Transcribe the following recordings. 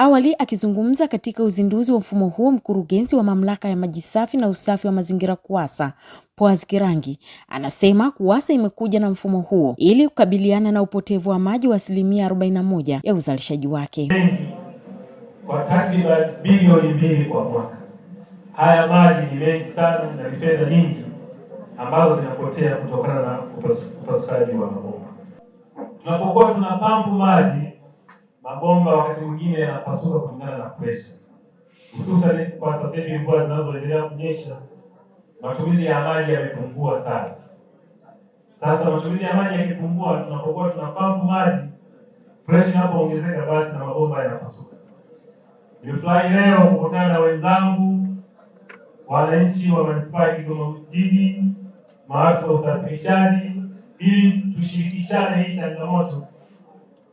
Awali akizungumza katika uzinduzi wa mfumo huo, mkurugenzi wa mamlaka ya maji safi na usafi wa mazingira KUWASA Poaz Kirangi anasema KUWASA imekuja na mfumo huo ili kukabiliana na upotevu wa maji wa asilimia 41 ya uzalishaji wake kwa takriban bilioni mbili kwa mwaka. Haya maji ni mengi sana na ni fedha nyingi ambazo zinapotea kutokana na upasukaji wa mabomba. Tunapokuwa tunapampu maji mabomba wakati mwingine yanapasuka kulingana na presha, hususani kwa sasa hivi mvua zinazoendelea kunyesha, matumizi ya maji yamepungua sana. Sasa matumizi ya maji yakipungua, tunapokuwa tunapampu maji, presha inapoongezeka, basi na mabomba yanapasuka. Nimefurahi leo kukutana na wenzangu wananchi wa manispaa ya Kigoma Mjini, maafisa wa usafirishaji, ili tushirikishane hii changamoto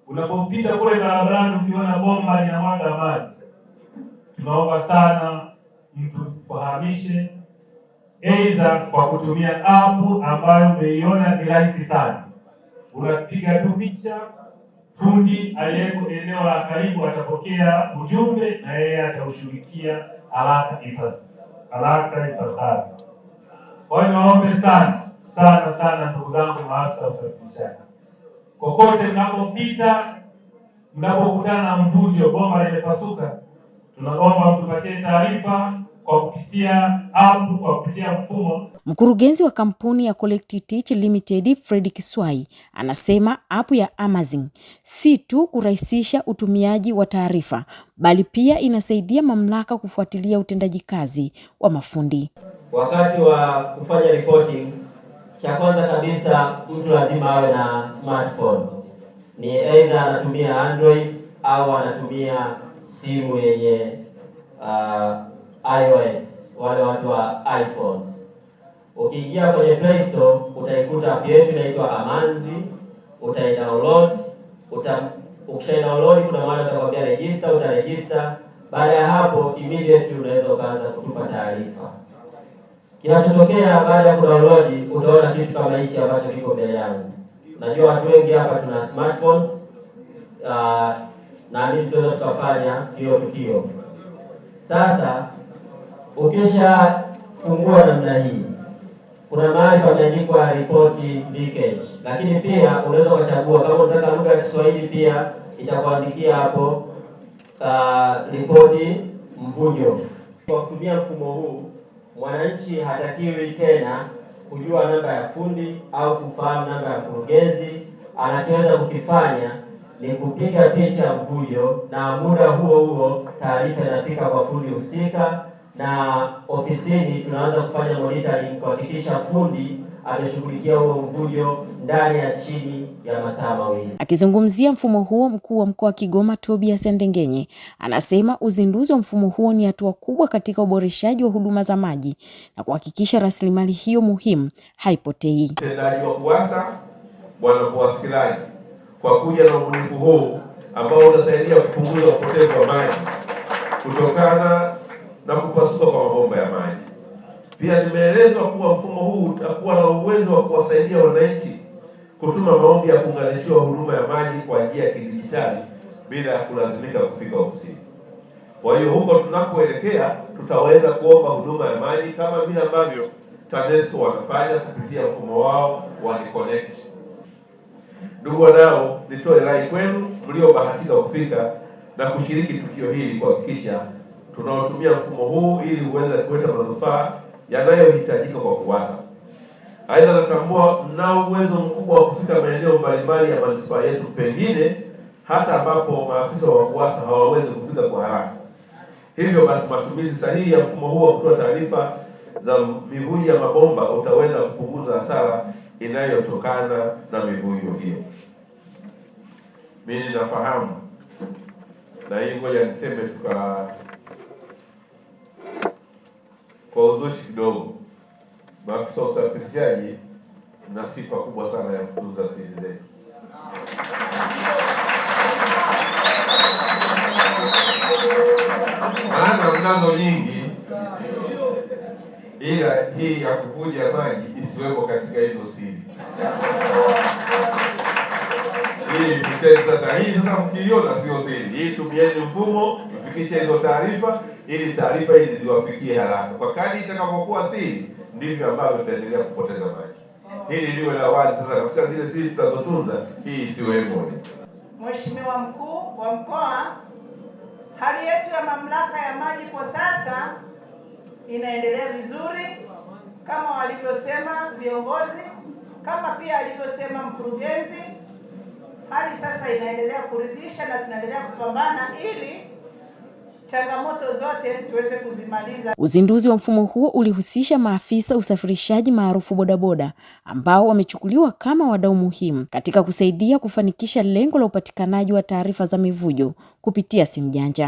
Unapopita kule barabarani ukiona bomba linamwaga maji, tunaomba sana mtu kuhamishe, aidha kwa kutumia apu ambayo umeiona, ni rahisi sana, unapiga tu picha, fundi aliyeko eneo la karibu atapokea ujumbe na yeye ataushughulikia haraka ipasavyo. Kwa hiyo niwaombe sana sana sana, ndugu zangu maafisa usafirishaji Kokote mnapopita, mnapokutana na mvunjo, bomba limepasuka, tunaomba mtupatie taarifa kwa kupitia app, kwa kupitia mfumo. Mkurugenzi wa kampuni ya Collect Teach Limited Fred Kiswai anasema app ya Amazon si tu kurahisisha utumiaji wa taarifa, bali pia inasaidia mamlaka kufuatilia utendaji kazi wa mafundi wakati wa kufanya reporting cha kwanza kabisa mtu lazima awe na smartphone, ni aidha anatumia Android au anatumia simu yenye uh, iOS, wale watu wa iPhones. Ukiingia kwenye Play Store utaikuta app yetu inaitwa Amanzi, utaidownload uta, ukishaidownload kuna mahali utakwambia register, utaregister. Baada ya hapo immediately unaweza ukaanza kutupa taarifa. Kinachotokea baada ya kudownload, utaona kitu kama hichi ambacho kiko mbele yangu. Najua watu wengi hapa tuna smartphones uh, na mimi tunaweza tukafanya hiyo tukio. Sasa ukishafungua namna hii, kuna mahali pameandikwa ripoti leakage, lakini pia unaweza ukachagua kama unataka lugha ya Kiswahili, pia itakuandikia hapo uh, ah, ripoti mvujo. Kwa kutumia mfumo huu mwananchi hatakiwi tena kujua namba ya fundi au kufahamu namba ya mkurugenzi. Anachoweza kukifanya ni kupiga picha mvujo, na muda huo huo taarifa inafika kwa fundi husika, na ofisini tunaanza kufanya monitoring kuhakikisha fundi ameshughulikia huo mvujo ndani ya chini ya masaa mawili. Akizungumzia mfumo huo, mkuu wa mkoa wa Kigoma Tobias Ndengenye anasema uzinduzi wa mfumo huo ni hatua kubwa katika uboreshaji wa huduma za maji na kuhakikisha rasilimali hiyo muhimu haipotei. Tendaji wa KUWASA bwana Kuwasilani kwa kuja na ubunifu huu ambao utasaidia kupunguza upotevu wa maji kutokana na kupasuka kwa mabomba ya maji. Pia nimeelezwa kuwa mfumo huu utakuwa na uwezo wa kuwasaidia wananchi kutuma maombi ya kuunganishiwa huduma ya maji kwa njia ya kidijitali bila ya kulazimika kufika ofisini. Kwa hiyo huko tunakoelekea tutaweza kuomba huduma ya maji kama vile ambavyo TANESCO wanafanya kupitia mfumo wao wa Reconnect. Ndugu wanao, nitoe rai kwenu mliobahatika kufika na kushiriki tukio hili kuhakikisha tunaotumia mfumo huu ili uweze kuleta manufaa yanayohitajika kwa KUWASA. Aidha, natambua nao uwezo mkubwa wa kufika maeneo mbalimbali ya manispaa yetu, pengine hata ambapo maafisa wa RUWASA hawawezi kufika kwa haraka. Hivyo basi, matumizi sahihi ya mfumo huo wa kutoa taarifa za mivuji ya mabomba utaweza kupunguza hasara inayotokana na mivujo hiyo. Mimi ninafahamu na hii, ngoja niseme tuka kwa uzushi kidogo maafisa wa usafirishaji na sifa kubwa sana ya kutunza siri zetu. Maana mnazo nyingi, ila hii ya kuvuja maji isiweko katika hizo siri. Hii vitendo sasa, hii sasa mkiiona sio siri hii, tumieni mfumo kuhakikisha hizo taarifa ili taarifa hizi ziwafikie haraka. Kwa kadri itakapokuwa siri, ndivyo ambavyo tutaendelea kupoteza maji. Hili liwe la wazi sasa, katika zile siri tutazotunza, hii isiwe moja. Mheshimiwa mkuu wa mkoa, hali yetu ya mamlaka ya maji kwa sasa inaendelea vizuri kama walivyosema viongozi, kama pia alivyosema mkurugenzi. Hali sasa inaendelea kuridhisha na tunaendelea kupambana ili changamoto zote tuweze kuzimaliza. Uzinduzi wa mfumo huo ulihusisha maafisa usafirishaji maarufu bodaboda ambao wamechukuliwa kama wadau muhimu katika kusaidia kufanikisha lengo la upatikanaji wa taarifa za mivujo kupitia simu janja.